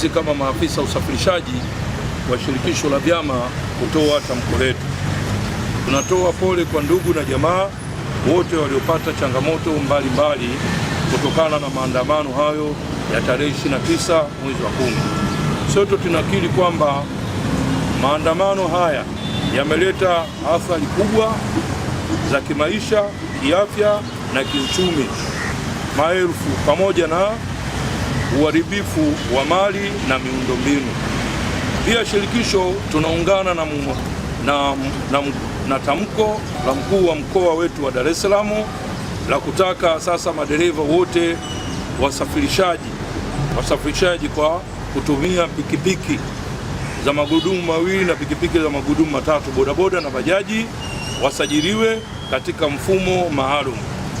Sisi kama maafisa usafirishaji wa shirikisho la vyama kutoa tamko letu, tunatoa pole kwa ndugu na jamaa wote waliopata changamoto mbalimbali kutokana na maandamano hayo ya tarehe 29 mwezi wa kumi. Sote tunakiri kwamba maandamano haya yameleta athari kubwa za kimaisha, kiafya na kiuchumi. Maelfu pamoja na uharibifu wa mali na miundombinu. Pia shirikisho tunaungana na, na, na, na tamko la mkuu wa mkoa wetu wa Dar es Salaam la kutaka sasa madereva wote wasafirishaji wasafirishaji kwa kutumia pikipiki za magurudumu mawili na pikipiki za magurudumu matatu, bodaboda na bajaji wasajiliwe katika mfumo maalum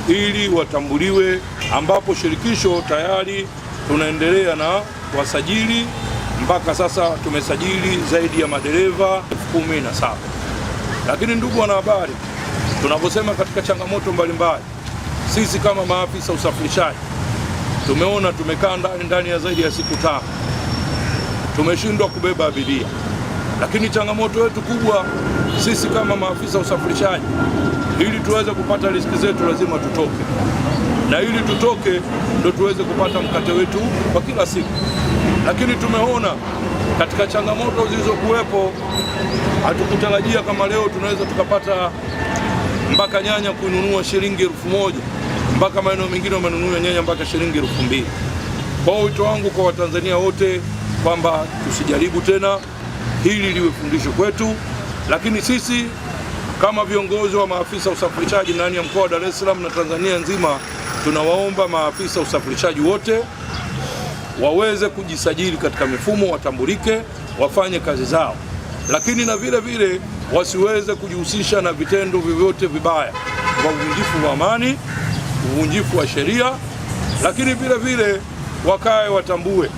ili watambuliwe, ambapo shirikisho tayari tunaendelea na wasajili. Mpaka sasa tumesajili zaidi ya madereva elfu kumi na saba. Lakini ndugu wanahabari, tunaposema katika changamoto mbalimbali, sisi kama maafisa usafirishaji tumeona tumekaa ndani ndani ya zaidi ya siku tano, tumeshindwa kubeba abiria, lakini changamoto yetu kubwa sisi kama maafisa usafirishaji, ili tuweze kupata riziki zetu lazima tutoke, na ili tutoke ndo tuweze kupata mkate wetu kwa kila siku. Lakini tumeona katika changamoto zilizokuwepo, hatukutarajia kama leo tunaweza tukapata mpaka nyanya kununua shilingi elfu moja mpaka maeneo mengine wamenunua nyanya mpaka shilingi elfu mbili. Kwa wito wangu kwa Watanzania wote kwamba tusijaribu tena, hili liwe fundisho kwetu. Lakini sisi kama viongozi wa maafisa usafirishaji ndani ya mkoa wa Dar es Salaam na Tanzania nzima, tunawaomba maafisa usafirishaji wote waweze kujisajili katika mifumo, watambulike, wafanye kazi zao, lakini na vile vile wasiweze kujihusisha na vitendo vyovyote vibaya kwa uvunjifu wa amani, uvunjifu wa sheria, lakini vile vile wakae watambue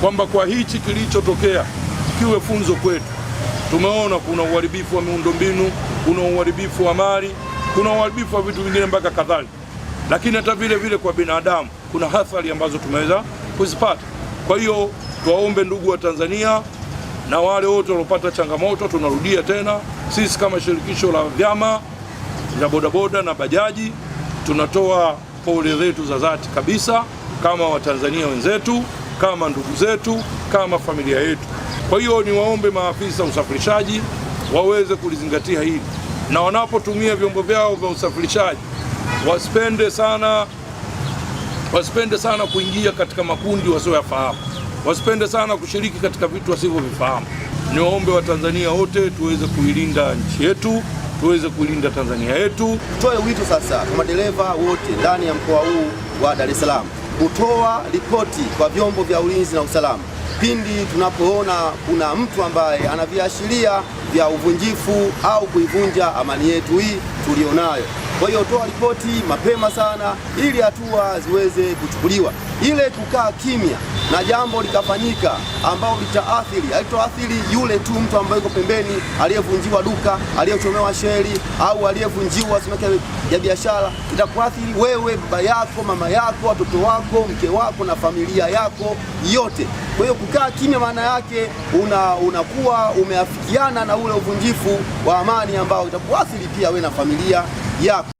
kwamba kwa hichi kilichotokea kiwe funzo kwetu. Tumeona kuna uharibifu wa miundombinu, kuna uharibifu wa mali, kuna uharibifu wa vitu vingine mpaka kadhalika, lakini hata vile vile kwa binadamu kuna athari ambazo tumeweza kuzipata. Kwa hiyo tuwaombe ndugu wa Tanzania na wale wote waliopata changamoto, tunarudia tena, sisi kama shirikisho la vyama vya bodaboda na bajaji tunatoa pole zetu za dhati kabisa, kama Watanzania wenzetu, kama ndugu zetu, kama familia yetu. Kwa hiyo niwaombe maafisa usafirishaji waweze kulizingatia hili, na wanapotumia vyombo vyao vya usafirishaji wasipende sana, wasipende sana kuingia katika makundi wasioyafahamu, wasipende sana kushiriki katika vitu wasivyovifahamu. Niwaombe Watanzania wote tuweze kuilinda nchi yetu, tuweze kuilinda Tanzania yetu. Tutoe wito sasa kwa madereva wote ndani ya mkoa huu wa Dar es Salaam kutoa ripoti kwa vyombo vya ulinzi na usalama pindi tunapoona kuna mtu ambaye ana viashiria vya uvunjifu au kuivunja amani yetu hii tulionayo. Kwa hiyo toa ripoti mapema sana, ili hatua ziweze kuchukuliwa. Ile kukaa kimya na jambo likafanyika ambao litaathiri, haitoathiri yule tu mtu ambaye yuko pembeni, aliyevunjiwa duka, aliyechomewa sheri au aliyevunjiwa simake ya biashara, itakuathiri wewe, baba yako, mama yako, watoto wako, mke wako na familia yako yote. Kwa hiyo kukaa kimya, maana yake una unakuwa umeafikiana na ule uvunjifu wa amani ambao itakuathiri pia wewe na familia yako.